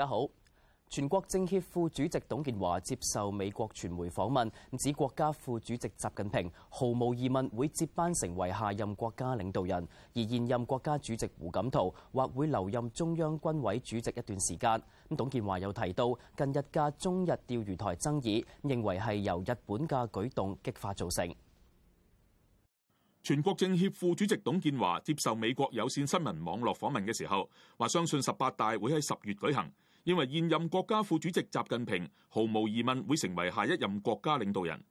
大家好，全國政協副主席董建華接受美國傳媒訪問，指國家副主席習近平毫無疑問會接班成為下任國家領導人，而現任國家主席胡錦濤或會留任中央軍委主席一段時間。咁董建華又提到，近日嘅中日釣魚台爭議，認為係由日本嘅舉動激化造成。全國政協副主席董建華接受美國有線新聞網絡訪問嘅時候，話相信十八大會喺十月舉行。認為現任國家副主席習近平毫無疑問會成為下一任國家領導人。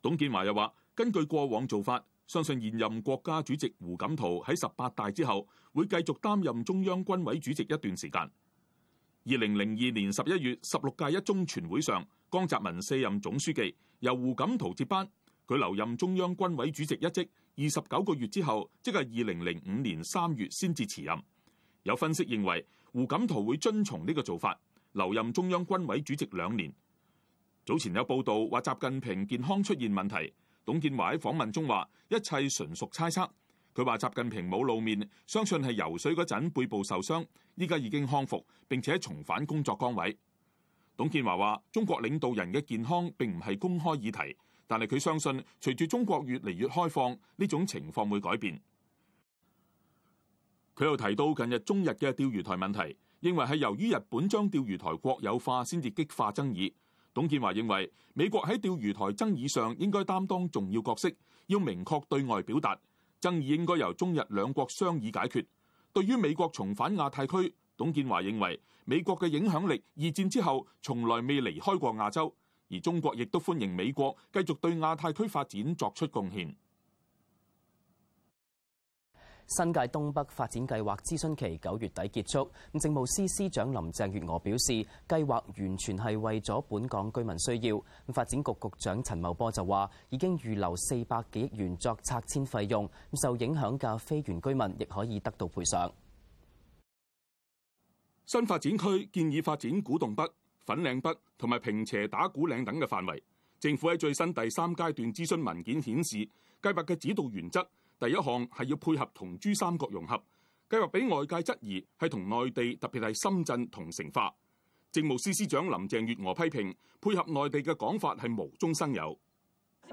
董建華又話，根據過往做法，相信現任國家主席胡錦濤喺十八大之後會繼續擔任中央軍委主席一段時間。二零零二年十一月，十六屆一中全會上，江澤民卸任總書記，由胡錦濤接班，佢留任中央軍委主席一職二十九個月之後，即係二零零五年三月先至辭任。有分析認為。胡錦濤會遵從呢個做法，留任中央軍委主席兩年。早前有報道話習近平健康出現問題，董建華喺訪問中話一切純屬猜測，佢話習近平冇露面，相信係游水嗰陣背部受傷，依家已經康復，並且重返工作崗位。董建華話中國領導人嘅健康並唔係公開議題，但係佢相信隨住中國越嚟越開放，呢種情況會改變。佢又提到近日中日嘅釣魚台問題，認為係由於日本將釣魚台國有化先至激化爭議，董建華認為美國喺釣魚台爭議上應該擔當重要角色，要明確對外表達，爭議應該由中日兩國商議解決，對於美國重返亞太區，董建華認為美國嘅影響力二戰之後從來未離開過亞洲，而中國亦都歡迎美國繼續對亞太區發展作出貢獻。新界東北發展計劃諮詢期九月底結束，咁政務司司長林鄭月娥表示，計劃完全係為咗本港居民需要。咁發展局局長陳茂波就話，已經預留四百幾億元作拆遷費用，受影響嘅非原居民亦可以得到賠償。新發展區建議發展古洞北、粉嶺北同埋坪輋打鼓嶺等嘅範圍。政府喺最新第三階段諮詢文件顯示，計劃嘅指導原則。第一項係要配合同珠三角融合，計劃俾外界質疑係同內地特別係深圳同城化。政務司司長林鄭月娥批評配合內地嘅講法係無中生有。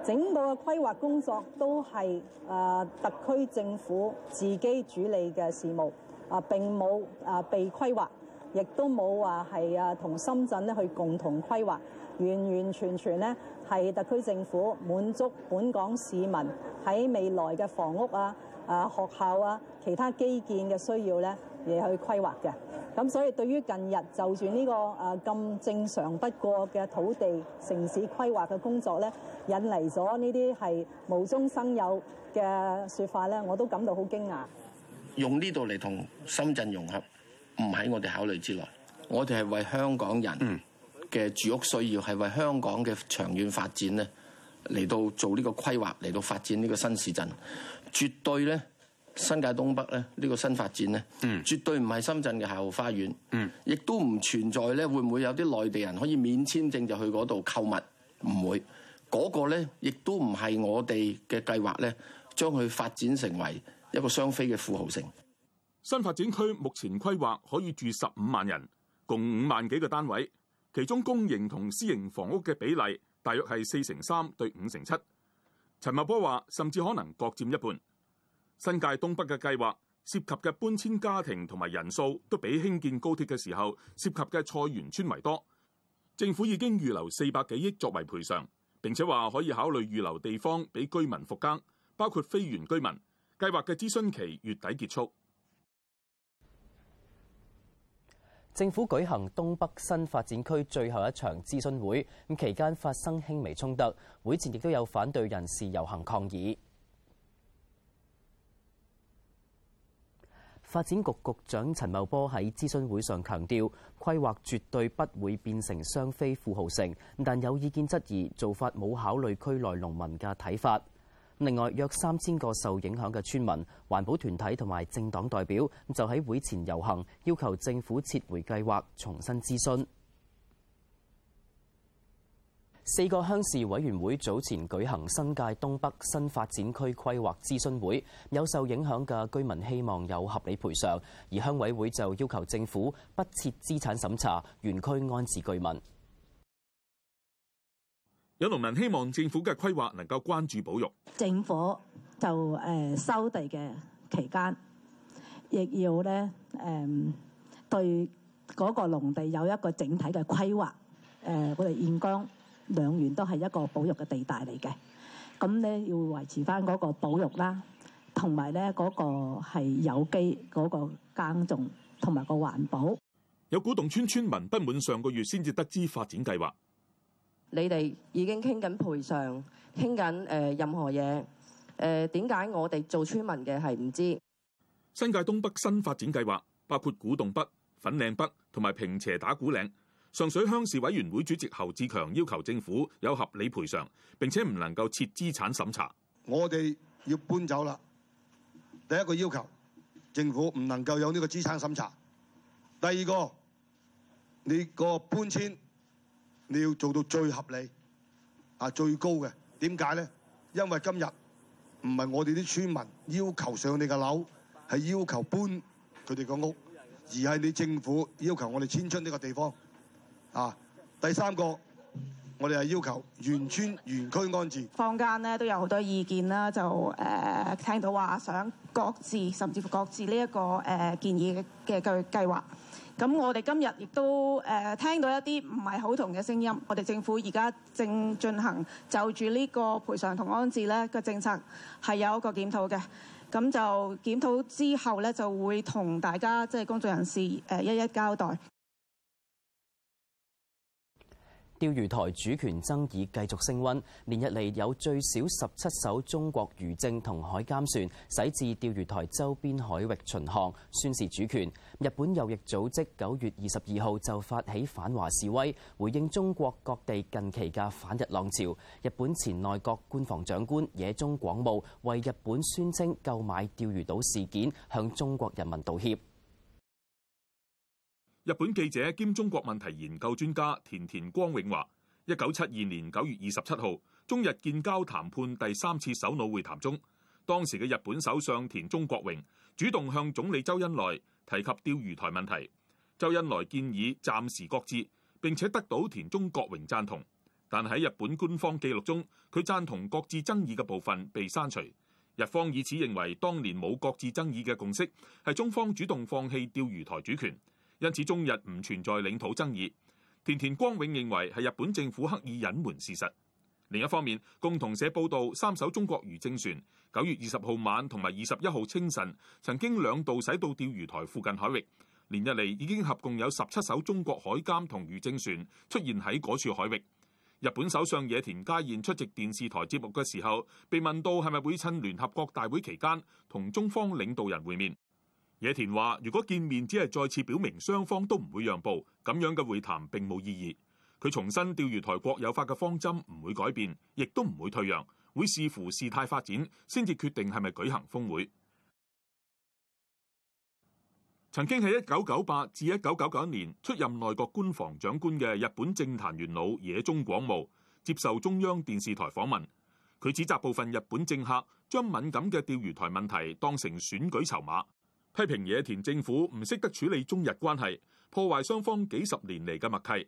整個規劃工作都係誒、啊、特區政府自己主理嘅事務，啊並冇啊被規劃，亦都冇話係啊同深圳咧去共同規劃。完完全全咧，係特區政府滿足本港市民喺未來嘅房屋啊、啊學校啊、其他基建嘅需要咧，而去規劃嘅。咁所以對於近日就住呢個啊咁正常不過嘅土地城市規劃嘅工作咧，引嚟咗呢啲係無中生有嘅說法咧，我都感到好驚訝。用呢度嚟同深圳融合，唔喺我哋考慮之內。我哋係為香港人。嘅住屋需要，係為香港嘅長遠發展咧，嚟到做呢個規劃，嚟到發展呢個新市鎮，絕對咧，新界東北咧呢、呢個新發展咧，嗯絕對唔係深圳嘅後花園，嗯亦都唔存在咧。會唔會有啲內地人可以免簽證就去嗰度購物？唔會。嗰、嗰個咧，亦都唔係我哋嘅計劃咧，將佢發展成為一個雙非嘅富豪城。新發展區目前規劃可以住十五萬人，共五萬幾個單位。其中公營同私營房屋嘅比例，大約係四成三對五成七。陳茂波話，甚至可能各佔一半。新界東北嘅計劃涉及嘅搬遷家庭同埋人數，都比興建高鐵嘅時候涉及嘅菜園村為多。政府已經預留四百幾億作為賠償，並且話可以考慮預留地方俾居民復耕，包括非原居民。計劃嘅諮詢期月底結束。政府舉行東北新發展區最後一場諮詢會，咁期間發生輕微衝突，會前亦都有反對人士遊行抗議。發展局局長陳茂波喺諮詢會上強調，規劃絕對不會變成雙非富豪城，但有意見質疑做法冇考慮區內農民嘅睇法。另外，約三千個受影響嘅村民、環保團體同埋政黨代表就喺會前遊行，要求政府撤回計劃，重新諮詢。四個鄉事委員會早前舉行新界東北新發展區規劃諮詢會，有受影響嘅居民希望有合理賠償，而鄉委會就要求政府不設資產審查，原區安置居民。有農民希望政府嘅規劃能夠關注保育。政府就誒收地嘅期間，亦要咧誒對嗰個農地有一個整體嘅規劃。誒我哋沿江兩縣都係一個保育嘅地帶嚟嘅，咁咧要維持翻嗰個保育啦，同埋咧嗰個係有機嗰個耕種，同埋個環保。有古洞村村民不滿上個月先至得知發展計劃。你哋已經傾緊賠償，傾緊誒任何嘢。誒點解我哋做村民嘅係唔知？新界東北新發展計劃包括古洞北、粉嶺北同埋坪輋打鼓嶺。上水鄉事委員會主席侯志強要求政府有合理賠償，並且唔能夠設資產審查。我哋要搬走啦。第一個要求，政府唔能夠有呢個資產審查。第二個，你個搬遷。你要做到最合理，啊最高嘅，點解咧？因為今日唔係我哋啲村民要求上你嘅樓，係要求搬佢哋個屋，而係你政府要求我哋遷出呢個地方。啊，第三個，我哋係要求原村原區安置。坊間咧都有好多意見啦，就誒、呃、聽到話想各自，甚至乎各自呢一個誒建議嘅計計劃。咁我哋今日亦都誒聽到一啲唔係好同嘅聲音，我哋政府而家正進行就住呢個賠償同安置呢個政策係有一個檢討嘅，咁就檢討之後呢，就會同大家即係、就是、工作人士誒一一交代。釣魚台主權爭議繼續升溫，連日嚟有最少十七艘中國漁政同海監船駛至釣魚台周邊海域巡航，宣示主權。日本右翼組織九月二十二號就發起反華示威，回應中國各地近期嘅反日浪潮。日本前內閣官房長官野中廣務為日本宣稱購買釣魚島事件向中國人民道歉。日本記者兼中國問題研究專家田田光永話，一九七二年九月二十七號，中日建交談判第三次首腦會談中，當時嘅日本首相田中角榮主動向總理周恩來提及釣魚台問題，周恩來建議暫時擱置，並且得到田中角榮贊同。但喺日本官方記錄中，佢贊同擱置爭議嘅部分被刪除。日方以此認為當年冇擱置爭議嘅共識，係中方主動放棄釣魚台主權，因此中日唔存在領土爭議。田田光永認為係日本政府刻意隱瞞事實。另一方面，共同社報道，三艘中國漁政船九月二十號晚同埋二十一號清晨曾經兩度駛到釣魚台附近海域。連日嚟已經合共有十七艘中國海監同漁政船出現喺嗰處海域。日本首相野田佳彥出席電視台節目嘅時候，被問到係咪會趁聯合國大會期間同中方領導人會面。野田話，如果見面只係再次表明雙方都唔會讓步，咁樣嘅會談並冇意義。佢重申，釣魚台國有化嘅方針唔會改變，亦都唔會退讓，會視乎事態發展先至決定係咪舉行峰會。曾經喺一九九八至一九九九年出任內閣官房長官嘅日本政壇元老野中廣務接受中央電視台訪問，佢指責部分日本政客將敏感嘅釣魚台問題當成選舉籌碼，批評野田政府唔識得處理中日關係，破壞雙方幾十年嚟嘅默契。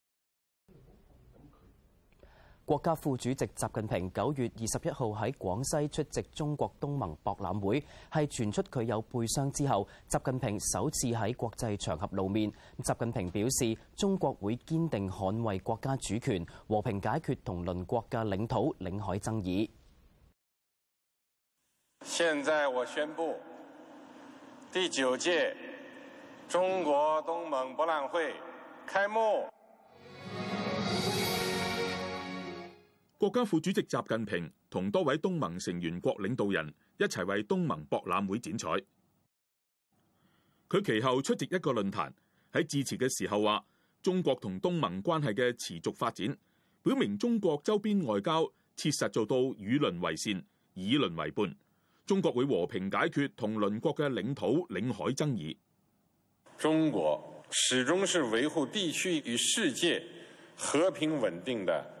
國家副主席習近平九月二十一號喺廣西出席中國東盟博覽會，係傳出佢有背傷之後，習近平首次喺國際場合露面。習近平表示，中國會堅定捍衛國家主權，和平解決同鄰國嘅領土領海爭議。現在我宣布，第九屆中國東盟博覽會開幕。國家副主席習近平同多位東盟成員國領導人一齊為東盟博覽會剪綵。佢其後出席一個論壇，喺致辭嘅時候話：中國同東盟關係嘅持續發展，表明中國周邊外交切實做到與鄰為善、以鄰為伴。中國會和平解決同鄰國嘅領土、領海爭議。中國始終是維護地區與世界和平穩定的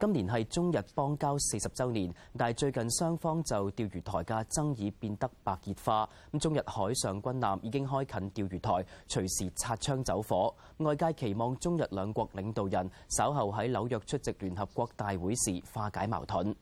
今年係中日邦交四十周年，但係最近雙方就釣魚台嘅爭議變得白熱化。咁中日海上軍艦已經開近釣魚台，隨時擦槍走火。外界期望中日兩國領導人稍後喺紐約出席聯合國大會時化解矛盾。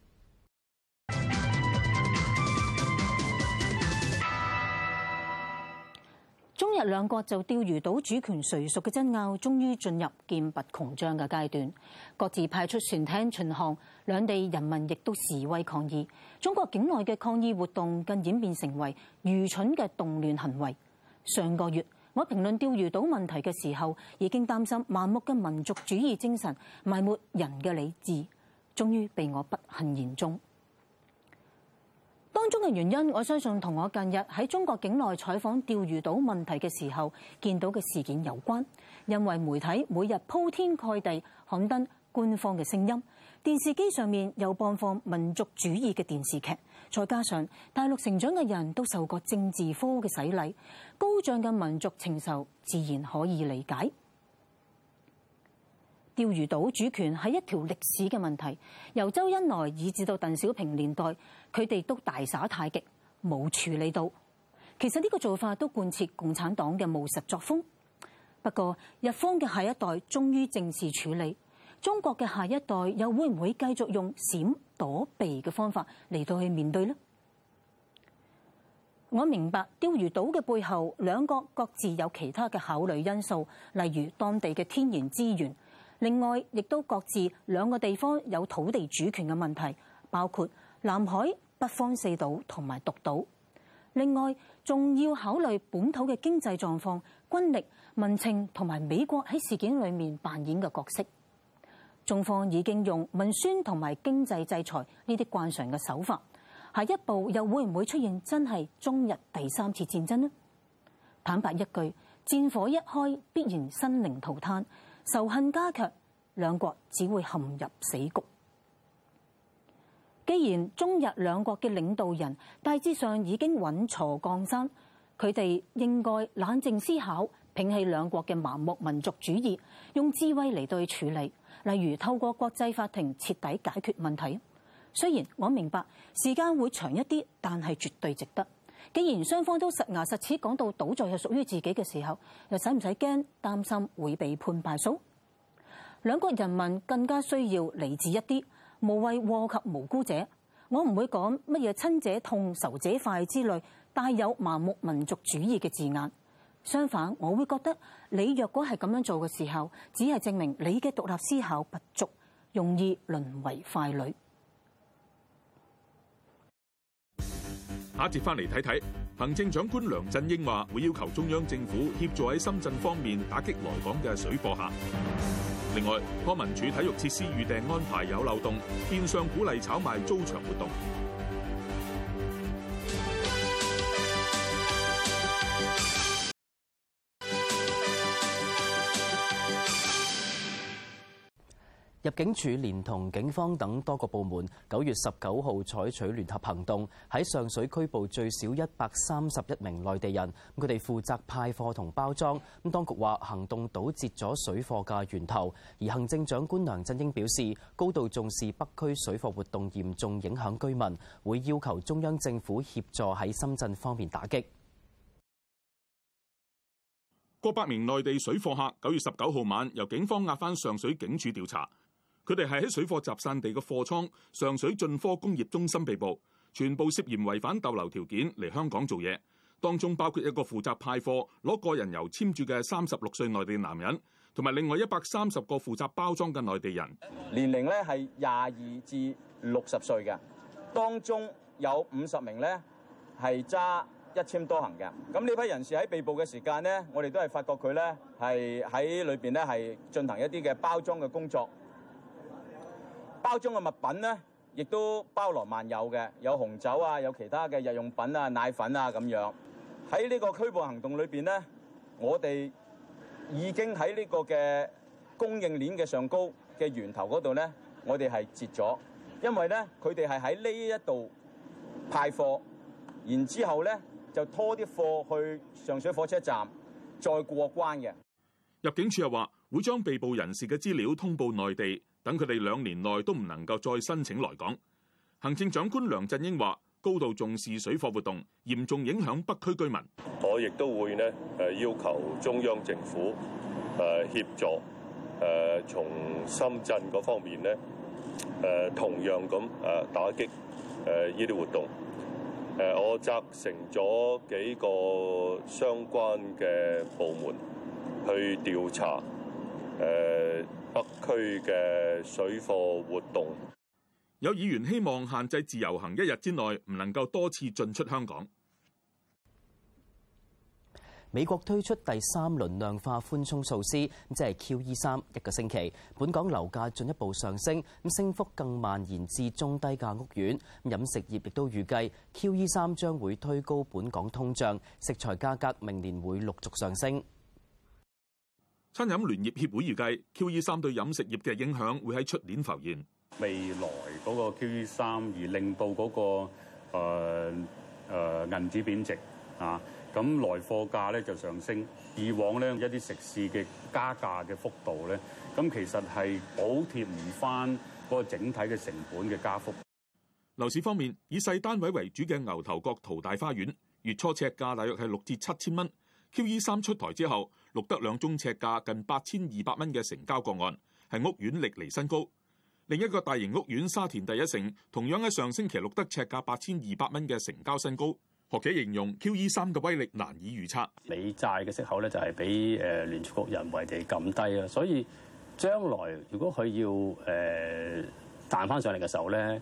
今日兩國就釣魚島主權誰屬嘅爭拗，終於進入劍拔弩張嘅階段，各自派出船艇巡航，兩地人民亦都示威抗議。中國境內嘅抗議活動更演變成為愚蠢嘅動亂行為。上個月我評論釣魚島問題嘅時候，已經擔心盲目嘅民族主義精神埋沒人嘅理智，終於被我不幸言中。當中嘅原因，我相信同我近日喺中國境內採訪釣魚島問題嘅時候見到嘅事件有關。因為媒體每日鋪天蓋地刊登官方嘅聲音，電視機上面又播放民族主義嘅電視劇，再加上大陸成長嘅人都受過政治科嘅洗禮，高漲嘅民族情緒自然可以理解。釣魚島主權係一條歷史嘅問題，由周恩來以至到鄧小平年代，佢哋都大耍太極，冇處理到。其實呢個做法都貫徹共產黨嘅務實作風。不過，日方嘅下一代終於正視處理，中國嘅下一代又會唔會繼續用閃躲避嘅方法嚟到去面對呢？我明白釣魚島嘅背後，兩國各自有其他嘅考慮因素，例如當地嘅天然資源。另外，亦都各自兩個地方有土地主權嘅問題，包括南海、北方四島同埋獨島。另外，仲要考慮本土嘅經濟狀況，軍力、民情同埋美國喺事件裏面扮演嘅角色。中方已經用文宣同埋經濟制裁呢啲慣常嘅手法。下一步又會唔會出現真係中日第三次戰爭呢？坦白一句，戰火一開必然生靈塗炭。仇恨加強，兩國只會陷入死局。既然中日兩國嘅領導人大致上已經穩坐江山，佢哋應該冷靜思考，摒棄兩國嘅盲目民族主義，用智慧嚟對處理，例如透過國際法庭徹底解決問題。雖然我明白時間會長一啲，但係絕對值得。既然雙方都實牙實齒講到倒在係屬於自己嘅時候，又使唔使驚擔心會被判敗訴？兩國人民更加需要理智一啲，無謂禍及無辜者。我唔會講乜嘢親者痛、仇者快之類帶有盲目民族主義嘅字眼。相反，我會覺得你若果係咁樣做嘅時候，只係證明你嘅獨立思考不足，容易淪為傀儡。下一節翻嚟睇睇，行政長官梁振英話會要求中央政府協助喺深圳方面打擊來港嘅水貨客。另外，康文署體育設施預訂安排有漏洞，變相鼓勵炒賣租場活動。入境處連同警方等多個部門，九月十九號採取聯合行動，喺上水拘捕最少一百三十一名內地人。佢哋負責派貨同包裝。咁，當局話行動堵截咗水貨嘅源頭。而行政長官梁振英表示，高度重視北區水貨活動，嚴重影響居民，會要求中央政府協助喺深圳方面打擊。過百名內地水貨客，九月十九號晚，由警方押返上水警署調查。佢哋係喺水貨集散地嘅貨倉上水進科工業中心被捕，全部涉嫌違反逗留條件嚟香港做嘢。當中包括一個負責派貨攞個人遊簽注嘅三十六歲內地男人，同埋另外一百三十個負責包裝嘅內地人，年齡咧係廿二至六十歲嘅。當中有五十名咧係揸一簽多行嘅。咁呢批人士喺被捕嘅時間咧，我哋都係發覺佢咧係喺裏邊咧係進行一啲嘅包裝嘅工作。包裝嘅物品咧，亦都包羅萬有嘅，有紅酒啊，有其他嘅日用品啊、奶粉啊咁樣。喺呢個拘捕行動裏邊咧，我哋已經喺呢個嘅供應鏈嘅上高嘅源頭嗰度咧，我哋係截咗，因為咧佢哋係喺呢一度派貨，然之後咧就拖啲貨去上水火車站再過關嘅。入境處又話會將被捕人士嘅資料通報內地。等佢哋兩年內都唔能夠再申請來港。行政長官梁振英話，高度重視水貨活動，嚴重影響北區居民。我亦都會呢誒要求中央政府誒、呃、協助誒、呃、從深圳嗰方面呢誒、呃、同樣咁誒打擊誒呢啲活動。誒、呃、我責成咗幾個相關嘅部門去調查誒。呃北區嘅水貨活動，有議員希望限制自由行，一日之內唔能夠多次進出香港。美國推出第三輪量化寬鬆措施，即係 QE 三。一個星期，本港樓價進一步上升，咁升幅更蔓延至中低價屋苑。飲食業亦都預計 QE 三將會推高本港通脹，食材價格明年會陸續上升。餐飲聯業協會預計，QE 三對飲食業嘅影響會喺出年浮現。未來嗰個 QE 三而令到嗰、嗰個誒誒銀紙貶值啊，咁來貨價咧就上升。以往咧一啲食肆嘅加價嘅幅度咧，咁其實係補貼唔翻嗰個整體嘅成本嘅加幅。樓市方面，以細單位為主嘅牛頭角淘大花園，月初尺價大約係六至七千蚊。QE 三出台之後，錄得兩宗尺價近八千二百蚊嘅成交個案，係屋苑歷嚟新高。另一個大型屋苑沙田第一城，同樣喺上星期錄得尺價八千二百蚊嘅成交新高。學者形容 QE3 嘅威力難以預測。美債嘅息口咧就係俾誒聯儲局人為地撳低咯，所以將來如果佢要誒彈翻上嚟嘅時候咧，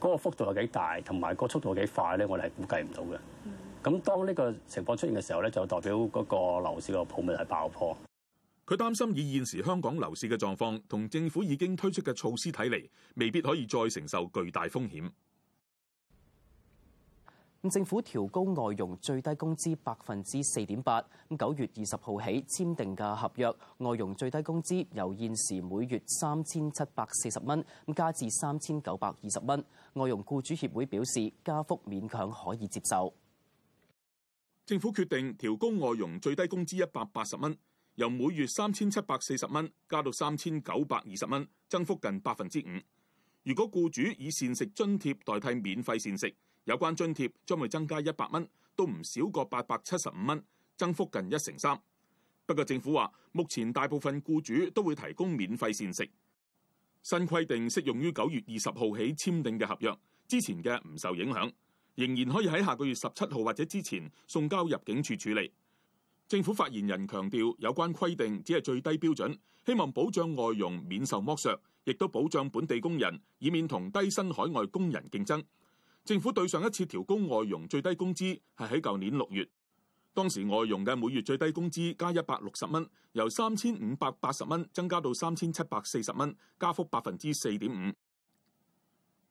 嗰個幅度係幾大，同埋個速度係幾快咧，我哋係估計唔到嘅。咁當呢個情況出現嘅時候咧，就代表嗰個樓市個泡沫係爆破。佢擔心以現時香港樓市嘅狀況，同政府已經推出嘅措施睇嚟，未必可以再承受巨大風險。政府調高外傭最低工資百分之四點八，九月二十號起簽訂嘅合約，外傭最低工資由現時每月三千七百四十蚊，加至三千九百二十蚊。外傭僱主協會表示，加幅勉強可以接受。政府決定調高外傭最低工資一百八十蚊，由每月三千七百四十蚊加到三千九百二十蚊，增幅近百分之五。如果僱主以膳食津貼代替免費膳食，有關津貼將會增加一百蚊，都唔少過八百七十五蚊，增幅近一成三。不過政府話，目前大部分僱主都會提供免費膳食。新規定適用於九月二十號起簽訂嘅合約，之前嘅唔受影響。仍然可以喺下個月十七號或者之前送交入境處處理。政府發言人強調，有關規定只係最低標準，希望保障外傭免受剝削，亦都保障本地工人，以免同低薪海外工人競爭。政府對上一次調高外傭最低工資，係喺舊年六月，當時外傭嘅每月最低工資加一百六十蚊，由三千五百八十蚊增加到三千七百四十蚊，加幅百分之四點五。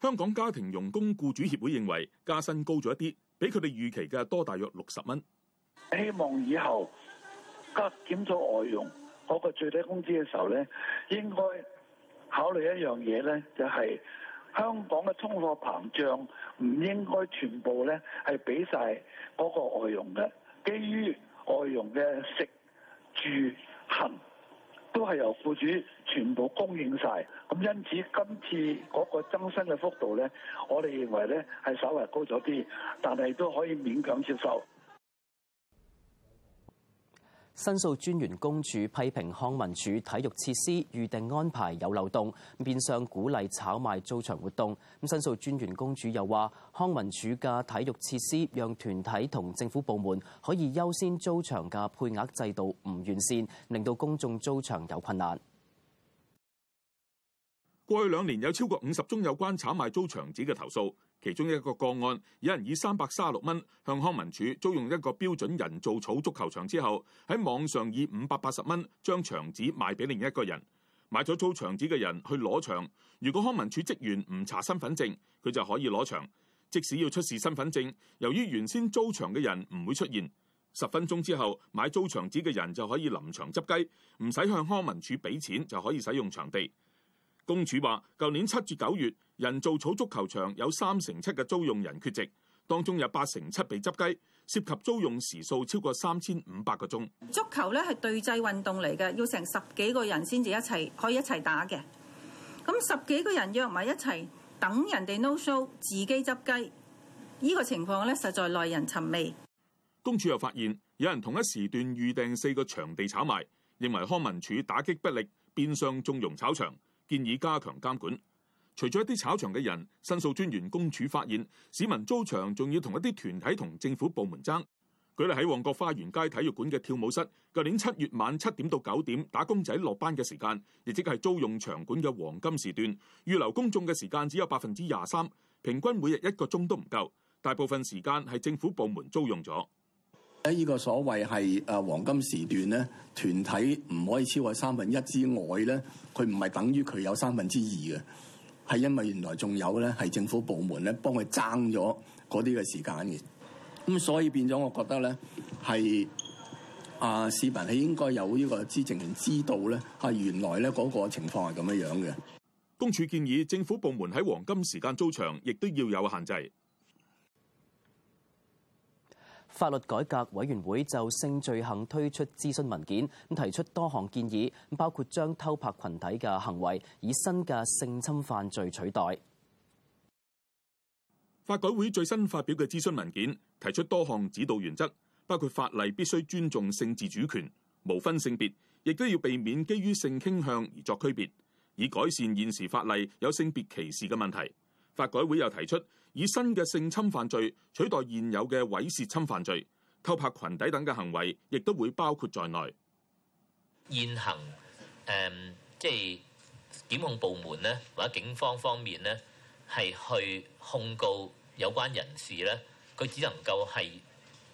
香港家庭傭工僱主協會認為加薪高咗一啲，比佢哋預期嘅多大約六十蚊。希望以後加減咗外傭嗰個最低工資嘅時候咧，應該考慮一樣嘢咧，就係香港嘅通貨膨脹唔應該全部咧係俾晒嗰個外傭嘅，基於外傭嘅食住行。都係由雇主全部供應晒，咁因此今次嗰個增薪嘅幅度咧，我哋認為咧係稍微高咗啲，但係都可以勉強接受。申訴專員公署批評康文署體育設施預訂安排有漏洞，變相鼓勵炒賣租場活動。咁申訴專員公署又話，康文署嘅體育設施讓團體同政府部門可以優先租場嘅配額制度唔完善，令到公眾租場有困難。過去兩年有超過五十宗有關炒賣租場紙嘅投訴。其中一個個案，有人以三百三十六蚊向康文署租用一個標準人造草足球場之後，喺網上以五百八十蚊將場紙賣俾另一個人。買咗租場紙嘅人去攞場，如果康文署職員唔查身份證，佢就可以攞場。即使要出示身份證，由於原先租場嘅人唔會出現，十分鐘之後買租場紙嘅人就可以臨場執雞，唔使向康文署俾錢就可以使用場地。公署話，舊年七至九月，人造草足球場有三成七嘅租用人缺席，當中有八成七被執雞，涉及租用時數超過三千五百個鐘。足球咧係隊際運動嚟嘅，要成十幾個人先至一齊可以一齊打嘅。咁十幾個人約埋一齊等人哋 no show，自己執雞，呢個情況咧實在耐人尋味。公署又發現有人同一時段預訂四個場地炒賣，認為康文署打擊不力，變相縱容炒場。建議加強監管，除咗一啲炒場嘅人，申訴專員公署發現，市民租場仲要同一啲團體同政府部門爭。舉例喺旺角花園街體育館嘅跳舞室，舊年七月晚七點到九點，打工仔落班嘅時間，亦即係租用場館嘅黃金時段，預留公眾嘅時間只有百分之廿三，平均每日一個鐘都唔夠，大部分時間係政府部門租用咗。喺呢個所謂係誒黃金時段咧，團體唔可以超過三分一之外咧，佢唔係等於佢有三分之二嘅，係因為原來仲有咧係政府部門咧幫佢爭咗嗰啲嘅時間嘅，咁所以變咗我覺得咧係啊市民係應該有呢個知情權知道咧係原來咧嗰個情況係咁樣樣嘅。公署建議政府部門喺黃金時間租場，亦都要有限制。法律改革委員會就性罪行推出諮詢文件，提出多項建議，包括將偷拍群體嘅行為以新嘅性侵犯罪取代。法改會最新發表嘅諮詢文件提出多項指導原則，包括法例必須尊重性自主權，無分性別，亦都要避免基於性傾向而作區別，以改善現時法例有性別歧視嘅問題。法改會又提出以新嘅性侵犯罪取代現有嘅猥褻侵犯罪、偷拍裙底等嘅行為，亦都會包括在內。現行誒，即、呃、係、就是、檢控部門咧，或者警方方面咧，係去控告有關人士咧，佢只能夠係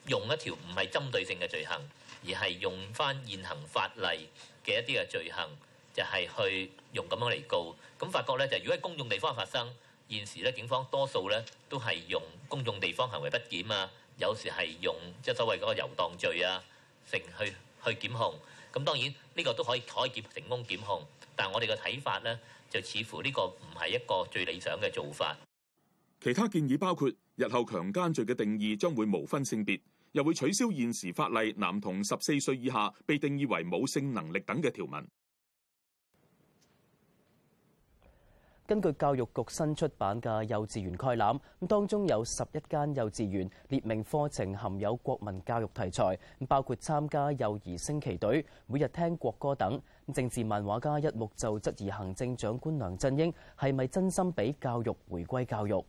用一條唔係針對性嘅罪行，而係用翻現行法例嘅一啲嘅罪行，就係、是、去用咁樣嚟告。咁發覺咧，就是、如果喺公眾地方發生。現時咧，警方多數咧都係用公眾地方行為不檢啊，有時係用即係所謂嗰個遊蕩罪啊，成去去檢控。咁當然呢個都可以可以檢成功檢控，但係我哋嘅睇法呢就似乎呢個唔係一個最理想嘅做法。其他建議包括日後強姦罪嘅定義將會無分性別，又會取消現時法例男童十四歲以下被定義為冇性能力等嘅條文。根據教育局新出版嘅幼稚園概覽，咁當中有十一間幼稚園列明課程含有國民教育題材，包括參加幼兒升旗隊、每日聽國歌等。政治漫畫家一木就質疑行政長官梁振英係咪真心俾教育回歸教育？